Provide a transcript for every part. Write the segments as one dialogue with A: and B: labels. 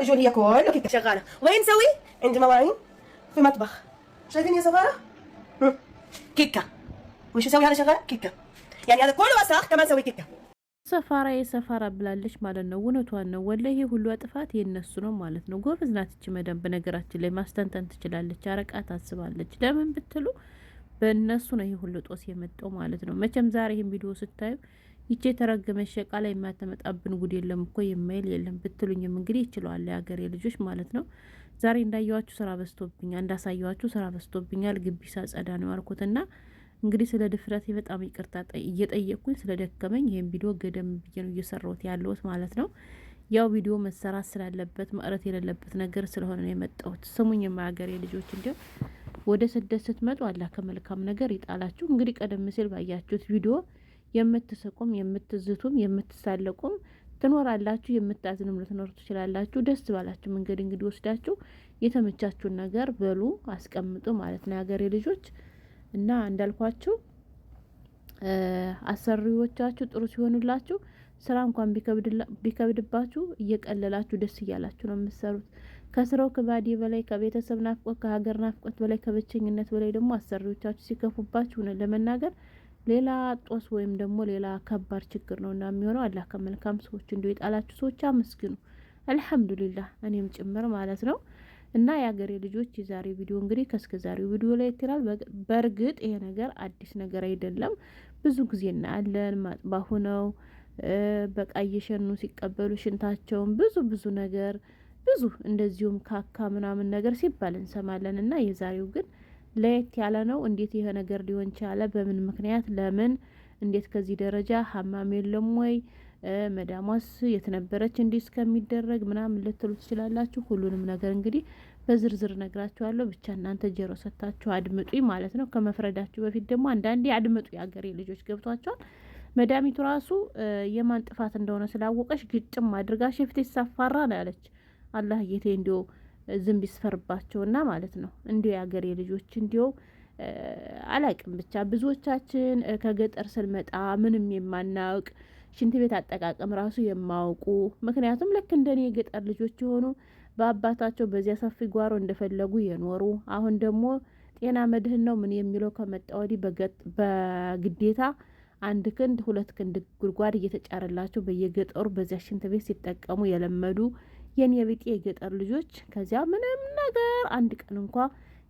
A: رجولي ياكل اوكي شغاله وين نسوي عند مواعين في مطبخ شايفين يا سفاره كيكه وش اسوي هذا شغال كيكه يعني هذا كله وسخ كمان سوي كيكه
B: ሰፋራ የሰፋራ ብላለች ማለት ነው። እውነቷን ነው ወላሂ፣ ሁሉ ጥፋት የነሱ ነው ማለት ነው። ጎበዝ ናት እች በነገራችን ላይ ማስተንተን ትችላለች፣ አረቃ ታስባለች። ለምን ብትሉ በእነሱ ነው ይህ ሁሉ ጦስ የመጣው ማለት ነው። መቼም ዛሬ ይህን ቪዲዮ ስታዩ ይቼ የተረገመች ሸቃ ላይ የማያተመጣብን ጉድ የለም እኮ የማይል የለም ብትሉኝም እንግዲህ ይችለዋል የሀገሬ ልጆች ማለት ነው። ዛሬ እንዳየዋችሁ ስራ በዝቶብኛል፣ እንዳሳየዋችሁ ስራ በዝቶብኛል። ግቢ ሳጸዳ ነው ያልኩትና እንግዲህ ስለ ድፍረቴ በጣም ይቅርታ እየጠየቅኩኝ ስለ ደከመኝ ይህን ቪዲዮ ገደም ብዬ ነው እየሰራሁት ያለሁት ማለት ነው። ያው ቪዲዮ መሰራት ስላለበት መቅረት የሌለበት ነገር ስለሆነ ነው የመጣሁት። ስሙኝ የማያገሬ ልጆች እንዲሁም ወደ ስደት ስትመጡ አላህ ከመልካም ነገር ይጣላችሁ። እንግዲህ ቀደም ሲል ባያችሁት ቪዲዮ የምትስቁም የምትዝቱም የምትሳለቁም ትኖራላችሁ። የምታዝንም ልትኖር ትችላላችሁ። ደስ ባላችሁ መንገድ እንግዲህ ወስዳችሁ የተመቻችሁን ነገር በሉ አስቀምጡ ማለት ነው የሀገሬ ልጆች እና እንዳልኳችሁ አሰሪዎቻችሁ ጥሩ ሲሆኑላችሁ ስራ እንኳን ቢከብድባችሁ እየቀለላችሁ ደስ እያላችሁ ነው የምትሰሩት። ከስራው ከባዴ በላይ ከቤተሰብ ናፍቆት፣ ከሀገር ናፍቆት በላይ ከብቸኝነት በላይ ደግሞ አሰሪዎቻችሁ ሲከፉባችሁ ለመናገር ሌላ ጦስ ወይም ደግሞ ሌላ ከባድ ችግር ነው እና የሚሆነው። አላህ ከመልካም ሰዎች እንዲሁ የጣላችሁ ሰዎች አመስግኑ። አልሐምዱሊላህ እኔም ጭምር ማለት ነው። እና የአገሬ ልጆች የዛሬ ቪዲዮ እንግዲህ ከእስከ ዛሬው ቪዲዮ ላይ ይትላል። በእርግጥ ይሄ ነገር አዲስ ነገር አይደለም። ብዙ ጊዜ እናያለን። ማጥባሁ ነው በቃ እየሸኑ ሲቀበሉ ሽንታቸውን ብዙ ብዙ ነገር ብዙ እንደዚሁም ካካ ምናምን ነገር ሲባል እንሰማለን እና የዛሬው ግን ለየት ያለ ነው። እንዴት ይሄ ነገር ሊሆን ቻለ? በምን ምክንያት? ለምን? እንዴት ከዚህ ደረጃ ሀማም የለም ወይ? መዳሟስ የት ነበረች? እንዲህ እስከሚደረግ ምናምን ልትሉ ትችላላችሁ። ሁሉንም ነገር እንግዲህ በዝርዝር ነግራችኋለሁ። ብቻ እናንተ ጀሮ ሰታችሁ አድምጡኝ ማለት ነው። ከመፍረዳችሁ በፊት ደግሞ አንዳንዴ አድምጡ። የአገሬ ልጆች ገብቷቸዋል። መዳሚቱ ራሱ የማን ጥፋት እንደሆነ ስላወቀች ግጭም አድርጋ ሽፍቴ ሳፋራ ነው ያለች። አላህ ጌቴ እንዲሁ ዝም ቢስፈርባቸውና ማለት ነው። እንዲሁ የአገሬ ልጆች እንዲው አላቅም ብቻ ብዙዎቻችን ከገጠር ስንመጣ ምንም የማናውቅ ሽንት ቤት አጠቃቀም ራሱ የማውቁ ምክንያቱም ልክ እንደኔ የገጠር ልጆች የሆኑ በአባታቸው በዚያ ሰፊ ጓሮ እንደፈለጉ የኖሩ አሁን ደግሞ ጤና መድህን ነው ምን የሚለው ከመጣ ወዲህ በግዴታ አንድ ክንድ ሁለት ክንድ ጉድጓድ እየተጫረላቸው በየገጠሩ በዚያ ሽንት ቤት ሲጠቀሙ የለመዱ የኔ የገጠር ልጆች ከዚያ ምንም ነገር አንድ ቀን እንኳ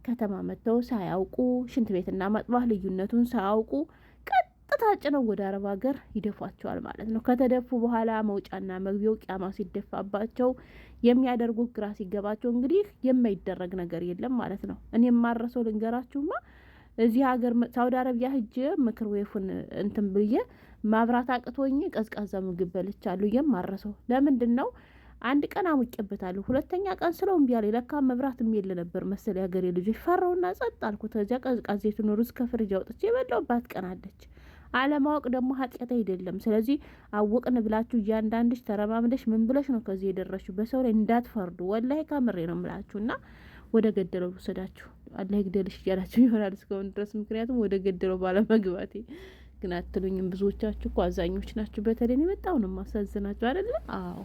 B: ከተማ መጥተው ሳያውቁ ሽንት ቤትና ማጥባህ ልዩነቱን ሳያውቁ ቀጥታ ጭነው ወደ አረብ ሀገር ይደፏቸዋል ማለት ነው። ከተደፉ በኋላ መውጫና መግቢያው ቂያማ ሲደፋባቸው የሚያደርጉት ግራ ሲገባቸው እንግዲህ የማይደረግ ነገር የለም ማለት ነው። እኔ የማረሰው ልንገራችሁማ እዚህ ሀገር ሳውዲ አረቢያ ምክር ወይፉን እንትን ብዬ ማብራት አቅቶኝ ቀዝቃዛ ምግብ በልቻለሁ። የማረሰው ለምንድን ነው? አንድ ቀን አሙቄበታለሁ። ሁለተኛ ቀን ስለው እምቢ አለኝ። ለካ መብራት የሚል ነበር መሰለ ያገሬ ልጆች ፈራውና ጸጥ አልኩ። ተዚያ ቀዝቃዜቱን እስከ ፍርጅ አውጥቼ የበላሁባት ቀን አለች። አለማወቅ ደግሞ ኃጢአት አይደለም። ስለዚህ አወቅን ብላችሁ እያንዳንድሽ ተረማምደሽ ምን ብለሽ ነው ከዚህ የደረሹ? በሰው ላይ እንዳትፈርዱ። ወላሂ ከምሬ ነው ምላችሁ እና ወደ ገደለው ውሰዳችሁ አላህ ይግደልሽ እያላችሁ ይሆናል እስከሆን ድረስ ምክንያቱም ወደ ገደለው ባለመግባቴ ግን አትሉኝም። ብዙዎቻችሁ እኮ አዛኞች ናችሁ። በተለይ እኔ በጣም ነው ማሳዝናችሁ አይደለ? አዎ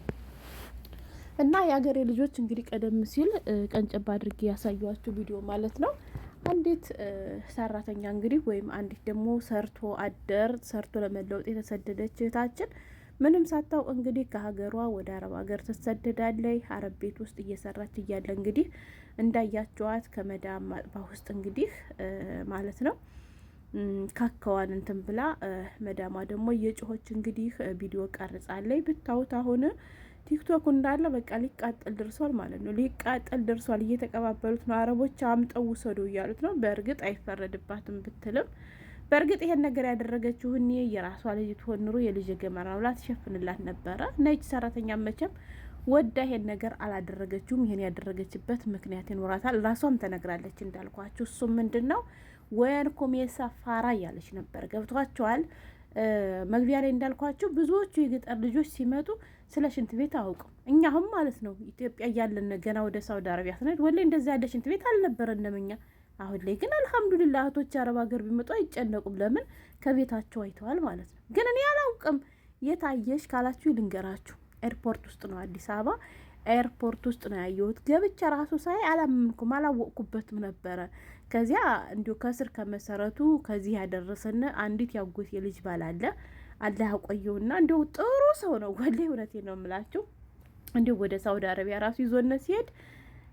B: እና የአገሬ ልጆች እንግዲህ ቀደም ሲል ቀንጨባ አድርጌ ያሳየኋችሁ ቪዲዮ ማለት ነው። አንዲት ሰራተኛ እንግዲህ ወይም አንዲት ደግሞ ሰርቶ አደር ሰርቶ ለመለወጥ የተሰደደች እህታችን ምንም ሳታው እንግዲህ ከሀገሯ ወደ አረብ ሀገር ትሰደዳለች። አረብ ቤት ውስጥ እየሰራች እያለ እንግዲህ እንዳያቸዋት ከመዳም ማጥባ ውስጥ እንግዲህ ማለት ነው ካከዋን እንትን ብላ መዳማ ደግሞ የጭሆች እንግዲህ ቪዲዮ ቀርጻለች ብታውት አሁን ቲክቶክ እንዳለ በቃ ሊቃጠል ደርሷል ማለት ነው። ሊቃጠል ደርሷል እየተቀባበሉት ነው። አረቦች አምጠው ውሰዱ እያሉት ነው። በእርግጥ አይፈረድባትም ብትልም በእርግጥ ይሄን ነገር ያደረገችው እኔ የራሷ ልጅ ትሆን ኑሮ የልጅ ገመራ ብላ ትሸፍንላት ነበረ። ነጭ ሰራተኛ መቼም ወዳ ይሄን ነገር አላደረገችውም። ይሄን ያደረገችበት ምክንያት ይኖራታል። ራሷም ተነግራለች እንዳልኳችሁ። እሱም ምንድን ነው ወያን ኮሜሳ ፋራ እያለች ነበር። ገብቷቸዋል። መግቢያ ላይ እንዳልኳቸው ብዙዎቹ የገጠር ልጆች ሲመጡ ስለ ሽንት ቤት አውቅም። እኛ አሁን ማለት ነው ኢትዮጵያ እያለን ገና ወደ ሳውዲ አረቢያ ስንሄድ ወላሂ እንደዚ ያለ ሽንት ቤት አልነበረንም እኛ። አሁን ላይ ግን አልሐምዱሊላ እህቶች አረብ ሀገር ቢመጡ አይጨነቁም። ለምን ከቤታቸው አይተዋል ማለት ነው። ግን እኔ አላውቅም። የታየሽ ካላችሁ ልንገራችሁ፣ ኤርፖርት ውስጥ ነው አዲስ አበባ ኤርፖርት ውስጥ ነው ያየሁት። ገብቻ ራሱ ሳይ አላመንኩም፣ አላወቅኩበትም ነበረ። ከዚያ እንዲሁ ከስር ከመሰረቱ ከዚህ ያደረሰን አንዲት ያጎቴ ልጅ ባላለ አላህ ያቆየውና እንደው ጥሩ ሰው ነው። ወላሂ እውነቴን ነው የምላችሁ። እንደው ወደ ሳውዲ አረቢያ ራሱ ይዞነ ሲሄድ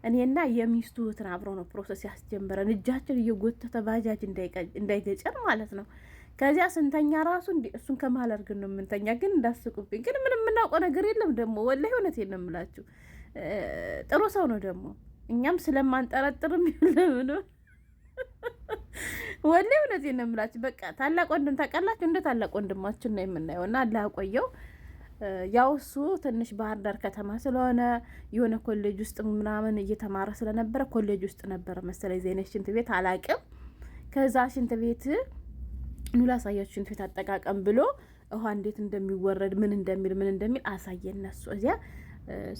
B: እኔና የሚስቱ እህትን አብሮ ነው ፕሮሰስ ያስጀምረን እጃችን እየጎተተ ባጃጅ እንዳይገጨን ማለት ነው። ከዚያ ስንተኛ ራሱ እሱን ከመሀል አድርገን ነው የምንተኛ። ግን እንዳስቁብኝ ግን ምንም የምናውቀው ነገር የለም ደግሞ ወላሂ እውነቴን ነው የምላችሁ። ጥሩ ሰው ነው ደግሞ እኛም ስለማንጠረጥርም ለምን ወላሂ እውነቴን ነው የምላችሁ። በቃ ታላቅ ወንድም ታውቃላችሁ፣ እንደ ታላቅ ወንድማችን ነው የምናየው እና አላህ ያው እሱ ትንሽ ባህር ዳር ከተማ ስለሆነ የሆነ ኮሌጅ ውስጥ ምናምን እየተማረ ስለነበረ ኮሌጅ ውስጥ ነበረ መሰለኝ ዜነት ሽንት ቤት አላቅም። ከዛ ሽንት ቤት ኑ ሽንት ቤት አጠቃቀም ብሎ ውሃ እንዴት እንደሚወረድ ምን እንደሚል ምን እንደሚል አሳየን። እነሱ እዚያ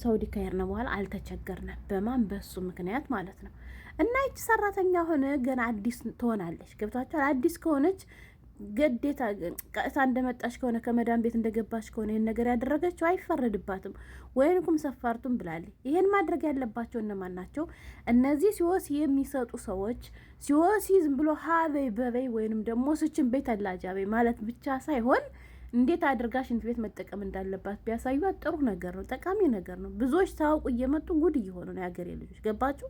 B: ሰውዲ ከሄድን በኋላ አልተቸገርንም። በማን በሱ ምክንያት ማለት ነው። እና ይቺ ሰራተኛ ሆነ ገና አዲስ ትሆናለች። ገብታችኋል? አዲስ ከሆነች ግዴታ ቀጥታ እንደመጣች ከሆነ ከመዳን ቤት እንደገባች ከሆነ ይህን ነገር ያደረገችው አይፈረድባትም። ወይን ኩም ሰፋርቱም ብላለች። ይሄን ማድረግ ያለባቸው እነማን ናቸው? እነዚህ ሲወሲ የሚሰጡ ሰዎች ሲወሲ ዝም ብሎ ሀበይ በበይ ወይንም ደግሞ ስችን ቤት አላጃበይ ማለት ብቻ ሳይሆን እንዴት አድርጋ ሽንት ቤት መጠቀም እንዳለባት ቢያሳዩት ጥሩ ነገር ነው፣ ጠቃሚ ነገር ነው። ብዙዎች ታውቁ እየመጡ ጉድ እየሆኑ ነው የሀገሬ ልጆች። ገባችሁ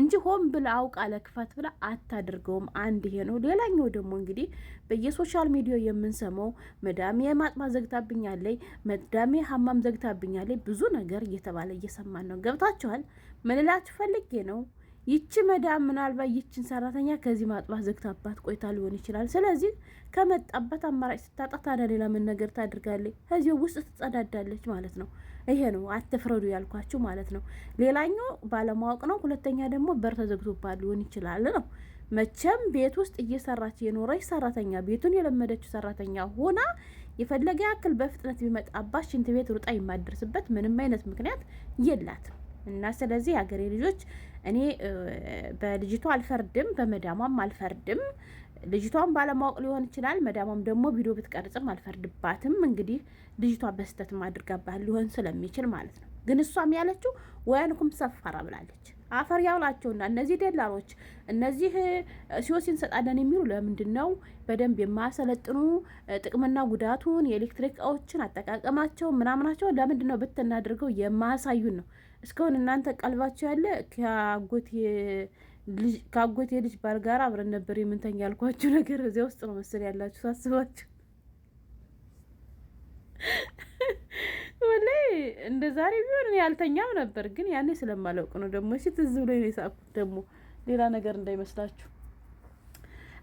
B: እንጂ ሆን ብላ አውቃ ለክፋት ብላ አታድርገውም። አንድ ይሄ ነው። ሌላኛው ደግሞ እንግዲህ በየሶሻል ሚዲያው የምንሰማው መዳሜ ማጥማ ዘግታብኛለይ፣ መዳሜ ሀማም ዘግታብኛለይ ብዙ ነገር እየተባለ እየሰማን ነው። ገብታችኋል? ምን ፈልጌ ነው ይቺ መዳም ምናልባት ይችን ሰራተኛ ከዚህ ማጥባት ዘግታባት ቆይታ ሊሆን ይችላል። ስለዚህ ከመጣባት አማራጭ ስታጣ ታዲያ ሌላ ምን ነገር ታድርጋለች? ከዚህ ውስጥ ትጸዳዳለች ማለት ነው። ይሄ ነው አትፍረዱ ያልኳችሁ ማለት ነው። ሌላኛው ባለማወቅ ነው። ሁለተኛ ደግሞ በር ተዘግቶባት ሊሆን ይችላል ነው። መቼም ቤት ውስጥ እየሰራች የኖረች ሰራተኛ ቤቱን የለመደችው ሰራተኛ ሆና የፈለገ ያክል በፍጥነት ቢመጣባት ሽንት ቤት ሩጣ የማደርስበት ምንም አይነት ምክንያት የላትም እና ስለዚህ የሀገሬ ልጆች እኔ በልጅቷ አልፈርድም፣ በመዳሟም አልፈርድም። ልጅቷን ባለማወቅ ሊሆን ይችላል። መዳሟም ደግሞ ቪዲዮ ብትቀርጽም አልፈርድባትም። እንግዲህ ልጅቷ በስተት ማድርጋባት ሊሆን ስለሚችል ማለት ነው። ግን እሷም ያለችው ወያንኩም ሰፋራ ብላለች። አፈር ያውላቸውና እነዚህ ደላሎች፣ እነዚህ ሲወስ እንሰጣለን የሚሉ ለምንድን ነው በደንብ የማያሰለጥኑ ጥቅምና ጉዳቱን የኤሌክትሪክ እቃዎችን አጠቃቀማቸው ምናምናቸውን ለምንድን ነው ብትናደርገው የማያሳዩን ነው እስካሁን እናንተ ቀልባችሁ ያለ ከአጎቴ ልጅ ባል ጋር አብረን ነበር የምንተኛ ያልኳችሁ ነገር እዚያ ውስጥ ነው መሰል ያላችሁ ሳስባችሁ ወላይ እንደ ዛሬ ቢሆን እኔ ያልተኛም ነበር፣ ግን ያኔ ስለማላውቅ ነው። ደግሞ ሲት ትዝ ብሎ ነው ደግሞ ሌላ ነገር እንዳይመስላችሁ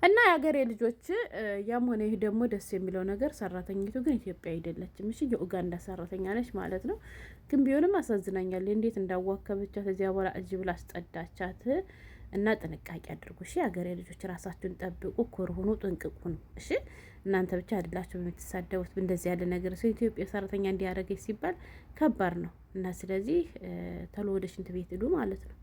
B: እና የሀገሬ ልጆች ያም ሆነ ይህ ደግሞ ደስ የሚለው ነገር ሰራተኝቱ ግን ኢትዮጵያ አይደለችም። እሺ የኡጋንዳ ሰራተኛ ነች ማለት ነው። ግን ቢሆንም አሳዝናኛል። እንዴት እንዳዋከበቻት እዚያ በኋላ እጅ ብላ አስጠዳቻት። እና ጥንቃቄ አድርጉ እሺ የሀገሬ ልጆች፣ ራሳችሁን ጠብቁ፣ ኮር ሁኑ፣ ጥንቅቁ ነው እሺ። እናንተ ብቻ አይደላችሁ የምትሳደቡት እንደዚህ ያለ ነገር ሰው ኢትዮጵያ ሰራተኛ እንዲያደረገች ሲባል ከባድ ነው እና ስለዚህ ተሎ ወደ ሽንት ቤት ሂዱ ማለት ነው።